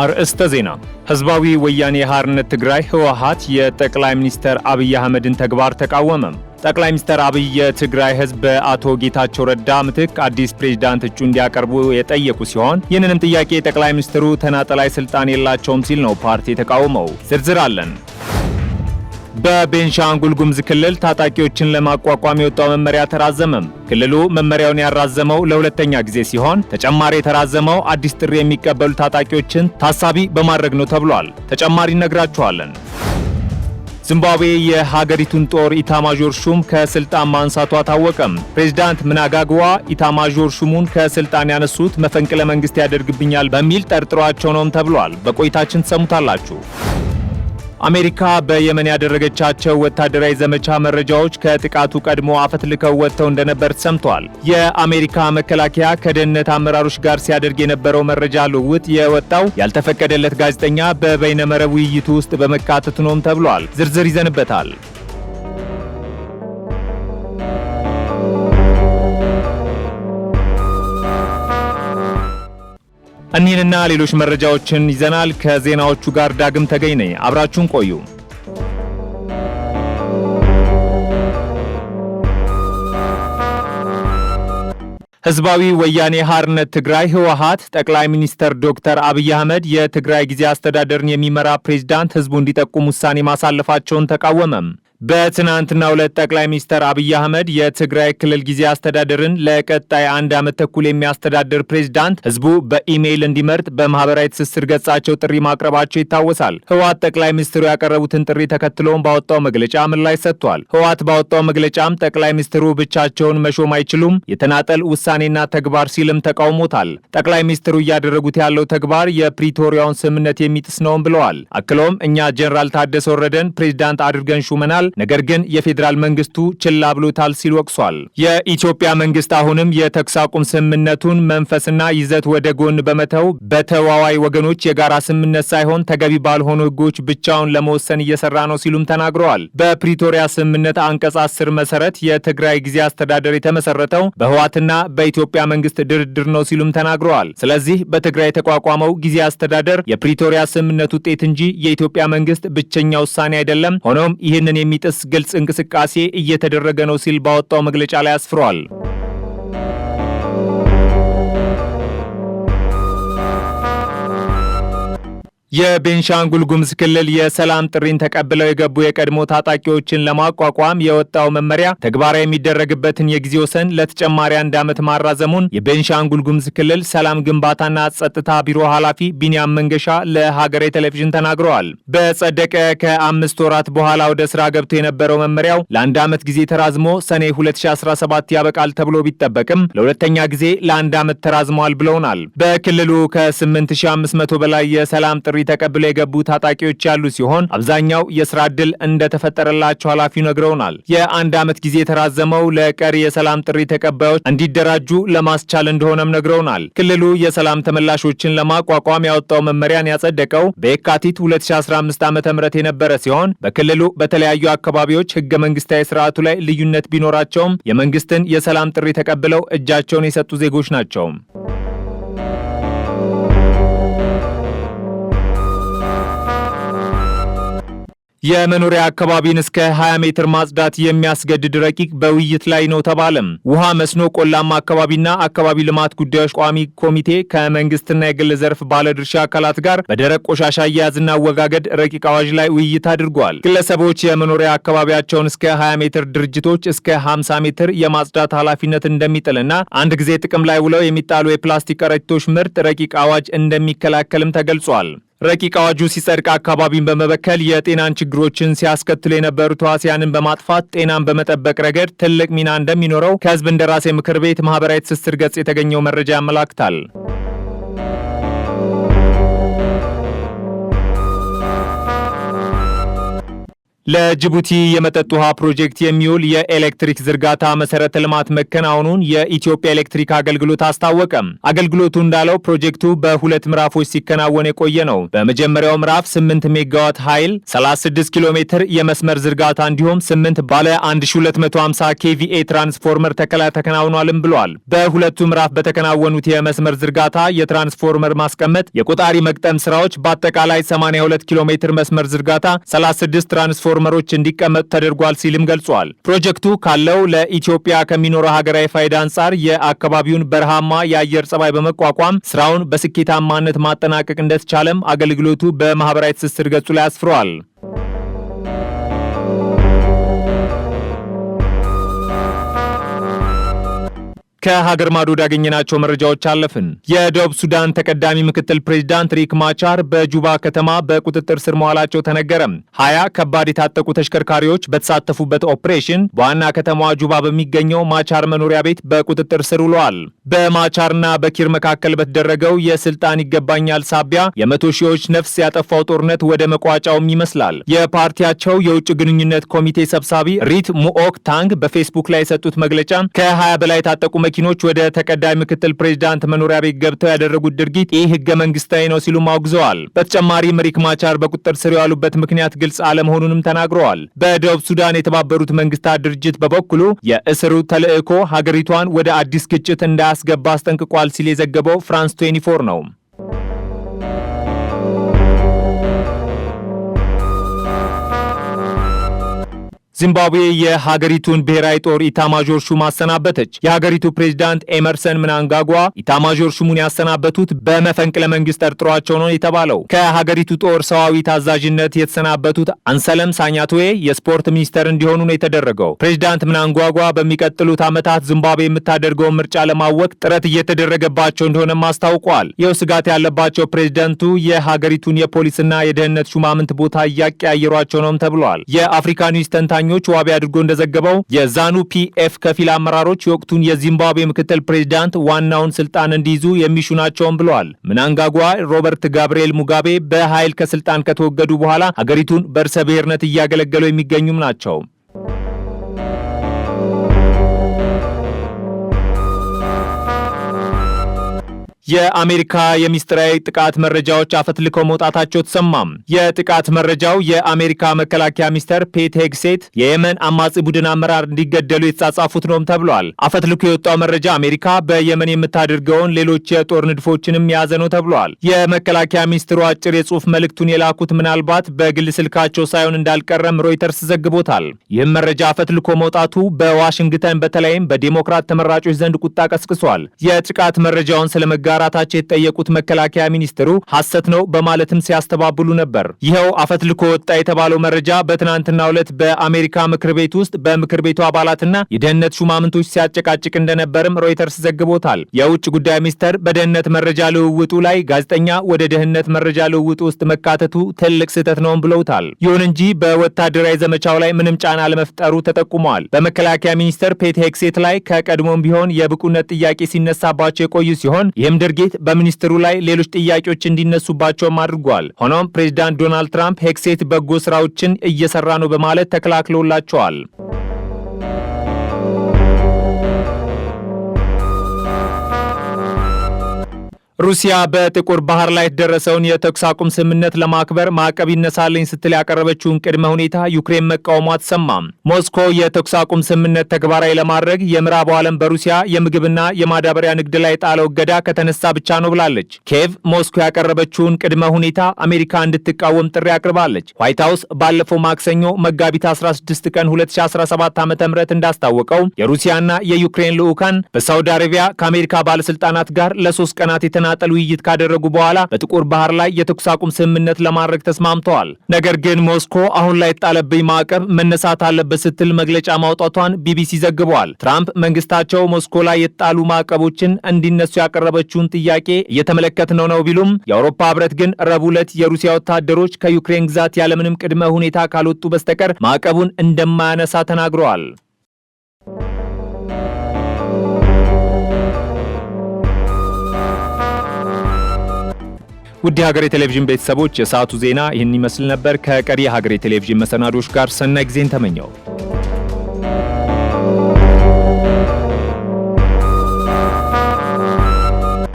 አርእስተ ዜና ህዝባዊ ወያኔ ሓርነት ትግራይ ህወሓት የጠቅላይ ሚኒስትር አብይ አህመድን ተግባር ተቃወመ። ጠቅላይ ሚኒስትር አብይ የትግራይ ህዝብ በአቶ ጌታቸው ረዳ ምትክ አዲስ ፕሬዝዳንት እጩ እንዲያቀርቡ የጠየቁ ሲሆን ይህንንም ጥያቄ ጠቅላይ ሚኒስትሩ ተናጠላይ ስልጣን የላቸውም ሲል ነው ፓርቲ የተቃወመው። ዝርዝር አለን። በቤንሻንጉል ጉሙዝ ክልል ታጣቂዎችን ለማቋቋም የወጣው መመሪያ ተራዘመም። ክልሉ መመሪያውን ያራዘመው ለሁለተኛ ጊዜ ሲሆን ተጨማሪ የተራዘመው አዲስ ጥሪ የሚቀበሉ ታጣቂዎችን ታሳቢ በማድረግ ነው ተብሏል። ተጨማሪ እነግራችኋለን። ዚምባብዌ የሀገሪቱን ጦር ኢታማዦር ሹም ከስልጣን ማንሳቷ ታወቀም። ፕሬዚዳንት ምናጋግዋ ኢታማዦር ሹሙን ከስልጣን ያነሱት መፈንቅለ መንግስት ያደርግብኛል በሚል ጠርጥሯቸው ነውም ተብሏል። በቆይታችን ትሰሙታላችሁ። አሜሪካ በየመን ያደረገቻቸው ወታደራዊ ዘመቻ መረጃዎች ከጥቃቱ ቀድሞ አፈትልከው ወጥተው እንደነበር ሰምተዋል። የአሜሪካ መከላከያ ከደህንነት አመራሮች ጋር ሲያደርግ የነበረው መረጃ ልውውጥ የወጣው ያልተፈቀደለት ጋዜጠኛ በበይነመረብ ውይይቱ ውስጥ በመካተቱ ነውም ተብሏል። ዝርዝር ይዘንበታል። እኒህንና ሌሎች መረጃዎችን ይዘናል። ከዜናዎቹ ጋር ዳግም ተገኝ ነኝ። አብራችሁን ቆዩ። ህዝባዊ ወያኔ ሀርነት ትግራይ ህወሀት ጠቅላይ ሚኒስተር ዶክተር አብይ አህመድ የትግራይ ጊዜ አስተዳደርን የሚመራ ፕሬዚዳንት ህዝቡ እንዲጠቁም ውሳኔ ማሳለፋቸውን ተቃወመም። በትናንትናው ዕለት ጠቅላይ ሚኒስትር አብይ አህመድ የትግራይ ክልል ጊዜ አስተዳደርን ለቀጣይ አንድ ዓመት ተኩል የሚያስተዳድር ፕሬዝዳንት ህዝቡ በኢሜይል እንዲመርጥ በማህበራዊ ትስስር ገጻቸው ጥሪ ማቅረባቸው ይታወሳል። ህወሓት ጠቅላይ ሚኒስትሩ ያቀረቡትን ጥሪ ተከትሎም ባወጣው መግለጫ ምላሽ ሰጥቷል። ህወሓት ባወጣው መግለጫም ጠቅላይ ሚኒስትሩ ብቻቸውን መሾም አይችሉም፣ የተናጠል ውሳኔና ተግባር ሲልም ተቃውሞታል። ጠቅላይ ሚኒስትሩ እያደረጉት ያለው ተግባር የፕሪቶሪያውን ስምምነት የሚጥስ ነውም ብለዋል። አክሎም እኛ ጄኔራል ታደሰ ወረደን ፕሬዝዳንት አድርገን ሹመናል ነገር ግን የፌዴራል መንግስቱ ችላ ብሎታል ሲል ወቅሷል። የኢትዮጵያ መንግስት አሁንም የተኩስ አቁም ስምምነቱን መንፈስና ይዘት ወደ ጎን በመተው በተዋዋይ ወገኖች የጋራ ስምምነት ሳይሆን ተገቢ ባልሆኑ ህጎች ብቻውን ለመወሰን እየሰራ ነው ሲሉም ተናግረዋል። በፕሪቶሪያ ስምምነት አንቀጽ አስር መሰረት የትግራይ ጊዜ አስተዳደር የተመሰረተው በህዋትና በኢትዮጵያ መንግስት ድርድር ነው ሲሉም ተናግረዋል። ስለዚህ በትግራይ የተቋቋመው ጊዜ አስተዳደር የፕሪቶሪያ ስምምነት ውጤት እንጂ የኢትዮጵያ መንግስት ብቸኛ ውሳኔ አይደለም። ሆኖም ይህንን የሚ የሚጥስ ግልጽ እንቅስቃሴ እየተደረገ ነው ሲል ባወጣው መግለጫ ላይ አስፍሯል። የቤንሻንጉል ጉምዝ ክልል የሰላም ጥሪን ተቀብለው የገቡ የቀድሞ ታጣቂዎችን ለማቋቋም የወጣው መመሪያ ተግባራዊ የሚደረግበትን የጊዜ ወሰን ለተጨማሪ አንድ ዓመት ማራዘሙን የቤንሻንጉል ጉምዝ ክልል ሰላም ግንባታና ጸጥታ ቢሮ ኃላፊ ቢንያም መንገሻ ለሀገሬ ቴሌቪዥን ተናግረዋል። በጸደቀ ከአምስት ወራት በኋላ ወደ ስራ ገብቶ የነበረው መመሪያው ለአንድ ዓመት ጊዜ ተራዝሞ ሰኔ 2017 ያበቃል ተብሎ ቢጠበቅም ለሁለተኛ ጊዜ ለአንድ ዓመት ተራዝሟል ብለውናል። በክልሉ ከ8500 በላይ የሰላም ጥሪ ተቀብለው የገቡ ታጣቂዎች ያሉ ሲሆን አብዛኛው የስራ ዕድል እንደተፈጠረላቸው ኃላፊው ነግረውናል። የአንድ ዓመት ጊዜ የተራዘመው ለቀሪ የሰላም ጥሪ ተቀባዮች እንዲደራጁ ለማስቻል እንደሆነም ነግረውናል። ክልሉ የሰላም ተመላሾችን ለማቋቋም ያወጣው መመሪያን ያጸደቀው በየካቲት 2015 ዓ ም የነበረ ሲሆን በክልሉ በተለያዩ አካባቢዎች ህገ መንግስታዊ ስርዓቱ ላይ ልዩነት ቢኖራቸውም የመንግስትን የሰላም ጥሪ ተቀብለው እጃቸውን የሰጡ ዜጎች ናቸው። የመኖሪያ አካባቢን እስከ 20 ሜትር ማጽዳት የሚያስገድድ ረቂቅ በውይይት ላይ ነው ተባለም። ውሃ፣ መስኖ፣ ቆላማ አካባቢና አካባቢ ልማት ጉዳዮች ቋሚ ኮሚቴ ከመንግስትና የግል ዘርፍ ባለድርሻ አካላት ጋር በደረቅ ቆሻሻ አያያዝና አወጋገድ ረቂቅ አዋጅ ላይ ውይይት አድርጓል። ግለሰቦች የመኖሪያ አካባቢያቸውን እስከ 20 ሜትር፣ ድርጅቶች እስከ 50 ሜትር የማጽዳት ኃላፊነት እንደሚጥልና አንድ ጊዜ ጥቅም ላይ ውለው የሚጣሉ የፕላስቲክ ከረጢቶች ምርት ረቂቅ አዋጅ እንደሚከላከልም ተገልጿል። ረቂቅ አዋጁ ሲጸድቅ አካባቢን በመበከል የጤናን ችግሮችን ሲያስከትሉ የነበሩ ተዋሲያንን በማጥፋት ጤናን በመጠበቅ ረገድ ትልቅ ሚና እንደሚኖረው ከህዝብ እንደራሴ ምክር ቤት ማህበራዊ ትስስር ገጽ የተገኘው መረጃ ያመላክታል። ለጅቡቲ የመጠጥ ውሃ ፕሮጀክት የሚውል የኤሌክትሪክ ዝርጋታ መሰረተ ልማት መከናወኑን የኢትዮጵያ ኤሌክትሪክ አገልግሎት አስታወቀም። አገልግሎቱ እንዳለው ፕሮጀክቱ በሁለት ምዕራፎች ሲከናወን የቆየ ነው። በመጀመሪያው ምዕራፍ 8 ሜጋዋት ኃይል 36 ኪሎ ሜትር የመስመር ዝርጋታ እንዲሁም 8 ባለ 1250 ኬቪኤ ትራንስፎርመር ተከላ ተከናውኗልም ብሏል። በሁለቱ ምዕራፍ በተከናወኑት የመስመር ዝርጋታ የትራንስፎርመር ማስቀመጥ፣ የቆጣሪ መቅጠም ስራዎች በአጠቃላይ 82 ኪሎ ሜትር መስመር ዝርጋታ 36 ትራንስፎ ትራንስፎርመሮች እንዲቀመጡ ተደርጓል ሲልም ገልጿል። ፕሮጀክቱ ካለው ለኢትዮጵያ ከሚኖረው ሀገራዊ ፋይዳ አንጻር የአካባቢውን በረሃማ የአየር ጸባይ በመቋቋም ስራውን በስኬታማነት ማጠናቀቅ እንደተቻለም አገልግሎቱ በማህበራዊ ትስስር ገጹ ላይ አስፍሯል። ከሀገር ማዶ ያገኘናቸው መረጃዎች አለፍን። የደቡብ ሱዳን ተቀዳሚ ምክትል ፕሬዚዳንት ሪክ ማቻር በጁባ ከተማ በቁጥጥር ስር መዋላቸው ተነገረ። ሀያ ከባድ የታጠቁ ተሽከርካሪዎች በተሳተፉበት ኦፕሬሽን በዋና ከተማዋ ጁባ በሚገኘው ማቻር መኖሪያ ቤት በቁጥጥር ስር ውለዋል። በማቻርና በኪር መካከል በተደረገው የስልጣን ይገባኛል ሳቢያ የመቶ ሺዎች ነፍስ ያጠፋው ጦርነት ወደ መቋጫውም ይመስላል። የፓርቲያቸው የውጭ ግንኙነት ኮሚቴ ሰብሳቢ ሪት ሙኦክ ታንግ በፌስቡክ ላይ የሰጡት መግለጫ ከ20 በላይ የታጠቁ መኪኖች ወደ ተቀዳሚ ምክትል ፕሬዚዳንት መኖሪያ ቤት ገብተው ያደረጉት ድርጊት ይህ ህገ መንግስታዊ ነው ሲሉም አውግዘዋል። በተጨማሪም ሪክ ማቻር በቁጥጥር ስር የዋሉበት ምክንያት ግልጽ አለመሆኑንም ተናግረዋል። በደቡብ ሱዳን የተባበሩት መንግስታት ድርጅት በበኩሉ የእስሩ ተልዕኮ ሀገሪቷን ወደ አዲስ ግጭት እንዳያስገባ አስጠንቅቋል ሲል የዘገበው ፍራንስ 24 ነው። ዚምባብዌ የሀገሪቱን ብሔራዊ ጦር ኢታማዦር ሹም አሰናበተች። የሀገሪቱ ፕሬዚዳንት ኤመርሰን ምናንጋጓ ኢታማዦር ሹሙን ያሰናበቱት በመፈንቅለ መንግስት ጠርጥሯቸው ነው የተባለው። ከሀገሪቱ ጦር ሰዋዊ ታዛዥነት የተሰናበቱት አንሰለም ሳኛትዌ የስፖርት ሚኒስተር እንዲሆኑ ነው የተደረገው። ፕሬዚዳንት ምናንጓጓ በሚቀጥሉት ዓመታት ዚምባብዌ የምታደርገውን ምርጫ ለማወቅ ጥረት እየተደረገባቸው እንደሆነም አስታውቋል። ይኸው ስጋት ያለባቸው ፕሬዚዳንቱ የሀገሪቱን የፖሊስና የደህንነት ሹማምንት ቦታ እያቀያየሯቸው ነውም ተብሏል። የአፍሪካ ኒውስ ተንታኞ ተንታኞች ዋቢ አድርጎ እንደዘገበው የዛኑ ፒኤፍ ከፊል አመራሮች የወቅቱን የዚምባብዌ ምክትል ፕሬዚዳንት ዋናውን ስልጣን እንዲይዙ የሚሹ ናቸውም ብለዋል። ምናንጋጓ ሮበርት ጋብርኤል ሙጋቤ በኃይል ከስልጣን ከተወገዱ በኋላ አገሪቱን በእርሰ ብሔርነት እያገለገሉ የሚገኙም ናቸው። የአሜሪካ የሚስጥራዊ ጥቃት መረጃዎች አፈትልከው መውጣታቸው ተሰማም። የጥቃት መረጃው የአሜሪካ መከላከያ ሚኒስተር ፔት ሄግሴት የየመን አማጺ ቡድን አመራር እንዲገደሉ የተጻጻፉት ነውም ተብሏል። አፈትልኮ የወጣው መረጃ አሜሪካ በየመን የምታደርገውን ሌሎች የጦር ንድፎችንም የያዘ ነው ተብሏል። የመከላከያ ሚኒስትሩ አጭር የጽሑፍ መልእክቱን የላኩት ምናልባት በግል ስልካቸው ሳይሆን እንዳልቀረም ሮይተርስ ዘግቦታል። ይህም መረጃ አፈትልኮ መውጣቱ በዋሽንግተን በተለይም በዲሞክራት ተመራጮች ዘንድ ቁጣ ቀስቅሷል። የጥቃት መረጃውን ስለመጋራ በማጣራታቸው የተጠየቁት መከላከያ ሚኒስትሩ ሐሰት ነው በማለትም ሲያስተባብሉ ነበር። ይኸው አፈትልኮ ወጣ የተባለው መረጃ በትናንትናው ዕለት በአሜሪካ ምክር ቤት ውስጥ በምክር ቤቱ አባላትና የደህንነት ሹማምንቶች ሲያጨቃጭቅ እንደነበርም ሮይተርስ ዘግቦታል። የውጭ ጉዳይ ሚኒስተር በደህንነት መረጃ ልውውጡ ላይ ጋዜጠኛ ወደ ደህንነት መረጃ ልውውጡ ውስጥ መካተቱ ትልቅ ስህተት ነውም ብለውታል። ይሁን እንጂ በወታደራዊ ዘመቻው ላይ ምንም ጫና ለመፍጠሩ ተጠቁመዋል። በመከላከያ ሚኒስተር ፔት ሄክሴት ላይ ከቀድሞም ቢሆን የብቁነት ጥያቄ ሲነሳባቸው የቆዩ ሲሆን ይህም ድርጊት በሚኒስትሩ ላይ ሌሎች ጥያቄዎች እንዲነሱባቸውም አድርጓል። ሆኖም ፕሬዚዳንት ዶናልድ ትራምፕ ሄክሴት በጎ ስራዎችን እየሰራ ነው በማለት ተከላክለውላቸዋል። ሩሲያ በጥቁር ባህር ላይ የተደረሰውን የተኩስ አቁም ስምምነት ለማክበር ማዕቀብ ይነሳልኝ ስትል ያቀረበችውን ቅድመ ሁኔታ ዩክሬን መቃወሟ ተሰማ። ሞስኮ የተኩስ አቁም ስምምነት ተግባራዊ ለማድረግ የምዕራቡ ዓለም በሩሲያ የምግብና የማዳበሪያ ንግድ ላይ ጣለው እገዳ ከተነሳ ብቻ ነው ብላለች። ኬቭ ሞስኮ ያቀረበችውን ቅድመ ሁኔታ አሜሪካ እንድትቃወም ጥሪ አቅርባለች። ዋይት ሀውስ ባለፈው ማክሰኞ መጋቢት 16 ቀን 2017 ዓ ም እንዳስታወቀው የሩሲያና የዩክሬን ልዑካን በሳውዲ አረቢያ ከአሜሪካ ባለስልጣናት ጋር ለሶስት ቀናት የተና በተናጠል ውይይት ካደረጉ በኋላ በጥቁር ባህር ላይ የተኩስ አቁም ስምምነት ለማድረግ ተስማምተዋል። ነገር ግን ሞስኮ አሁን ላይ የጣለብኝ ማዕቀብ መነሳት አለበት ስትል መግለጫ ማውጣቷን ቢቢሲ ዘግበዋል። ትራምፕ መንግስታቸው ሞስኮ ላይ የጣሉ ማዕቀቦችን እንዲነሱ ያቀረበችውን ጥያቄ እየተመለከትነው ነው ቢሉም የአውሮፓ ህብረት ግን ረቡዕ ዕለት የሩሲያ ወታደሮች ከዩክሬን ግዛት ያለምንም ቅድመ ሁኔታ ካልወጡ በስተቀር ማዕቀቡን እንደማያነሳ ተናግረዋል። ውድ የሀገሬ ቴሌቪዥን ቤተሰቦች የሰዓቱ ዜና ይህን ይመስል ነበር። ከቀሪ የሀገሬ ቴሌቪዥን መሰናዶች ጋር ሰናይ ጊዜን ተመኘው።